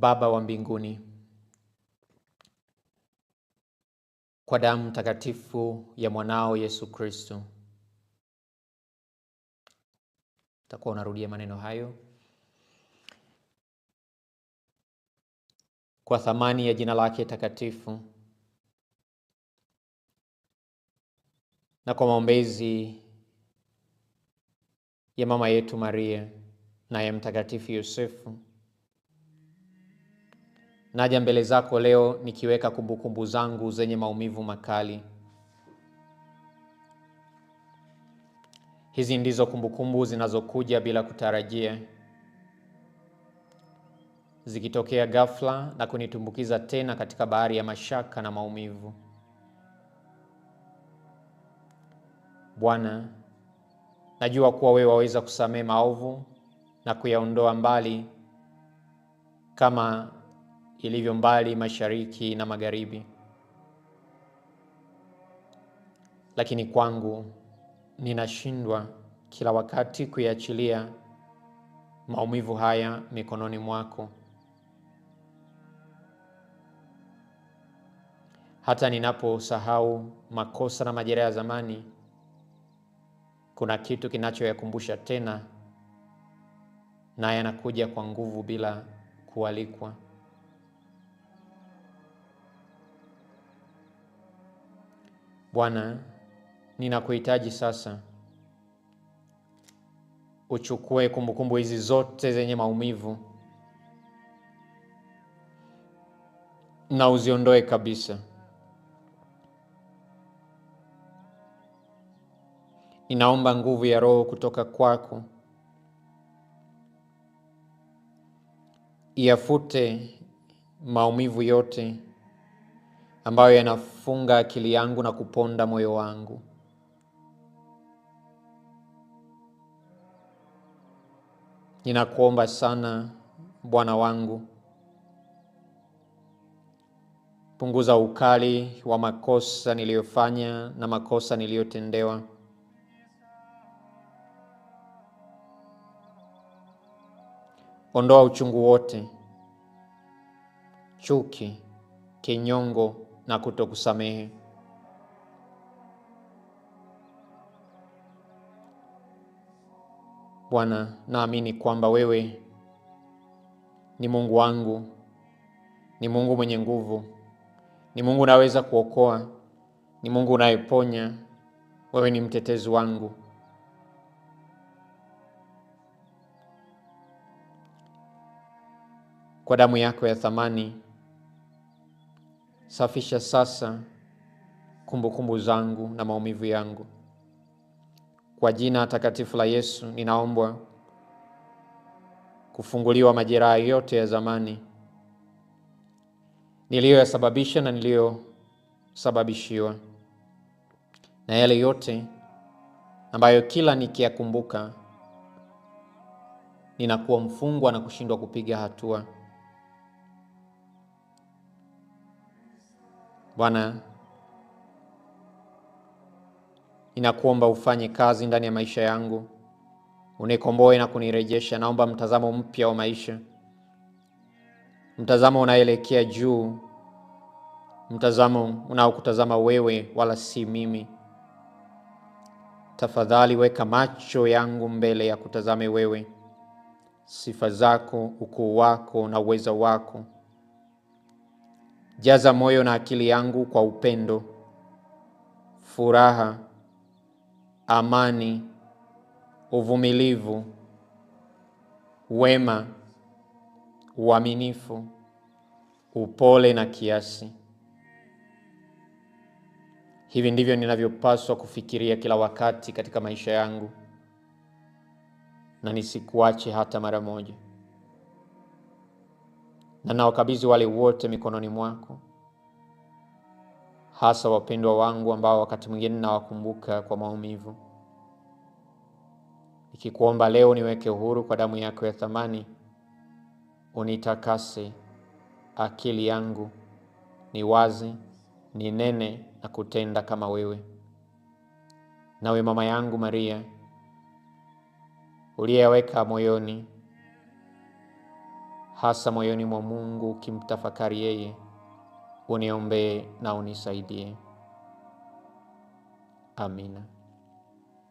Baba wa mbinguni, kwa damu takatifu ya mwanao Yesu Kristo, takuwa unarudia maneno hayo. Kwa thamani ya jina lake takatifu na kwa maombezi ya mama yetu Maria na ya Mtakatifu Yosefu Naja mbele zako leo nikiweka kumbukumbu zangu zenye maumivu makali. Hizi ndizo kumbukumbu zinazokuja bila kutarajia, zikitokea ghafla na kunitumbukiza tena katika bahari ya mashaka na maumivu. Bwana, najua kuwa wewe waweza kusamehe maovu na kuyaondoa mbali kama ilivyo mbali mashariki na magharibi, lakini kwangu ninashindwa kila wakati kuiachilia maumivu haya mikononi mwako. Hata ninaposahau makosa na majeraha ya zamani, kuna kitu kinachoyakumbusha tena, naye anakuja kwa nguvu bila kualikwa. Bwana, ninakuhitaji sasa, uchukue kumbukumbu hizi zote zenye maumivu na uziondoe kabisa. Inaomba nguvu ya Roho kutoka kwako iafute maumivu yote ambayo yanafunga akili yangu na kuponda moyo wangu. Ninakuomba sana Bwana wangu, punguza ukali wa makosa niliyofanya na makosa niliyotendewa. Ondoa uchungu wote, chuki, kinyongo na kutokusamehe. Bwana, naamini kwamba wewe ni Mungu wangu, ni Mungu mwenye nguvu, ni Mungu unaweza kuokoa, ni Mungu unayeponya. Wewe ni mtetezi wangu. Kwa damu yako ya thamani Safisha sasa kumbukumbu kumbu zangu na maumivu yangu. Kwa jina takatifu la Yesu ninaombwa kufunguliwa majeraha yote ya zamani niliyoyasababisha na niliyosababishiwa, na yale yote ambayo kila nikiyakumbuka ninakuwa mfungwa na kushindwa kupiga hatua. Bwana, ninakuomba ufanye kazi ndani ya maisha yangu, unikomboe na kunirejesha. Naomba mtazamo mpya wa maisha, mtazamo unaelekea juu, mtazamo unaokutazama wewe wala si mimi. Tafadhali weka macho yangu mbele ya kutazame wewe, sifa zako, ukuu wako na uweza wako Jaza moyo na akili yangu kwa upendo, furaha, amani, uvumilivu, wema, uaminifu, upole na kiasi. Hivi ndivyo ninavyopaswa kufikiria kila wakati katika maisha yangu, na nisikuache hata mara moja na nawakabidhi wale wote mikononi mwako, hasa wapendwa wangu ambao wakati mwingine nawakumbuka kwa maumivu, nikikuomba leo niweke uhuru kwa damu yako ya thamani, unitakase akili yangu ni wazi ninene na kutenda kama wewe. Nawe mama yangu Maria uliyeweka moyoni hasa moyoni mwa Mungu ukimtafakari yeye, uniombee na unisaidie. Amina.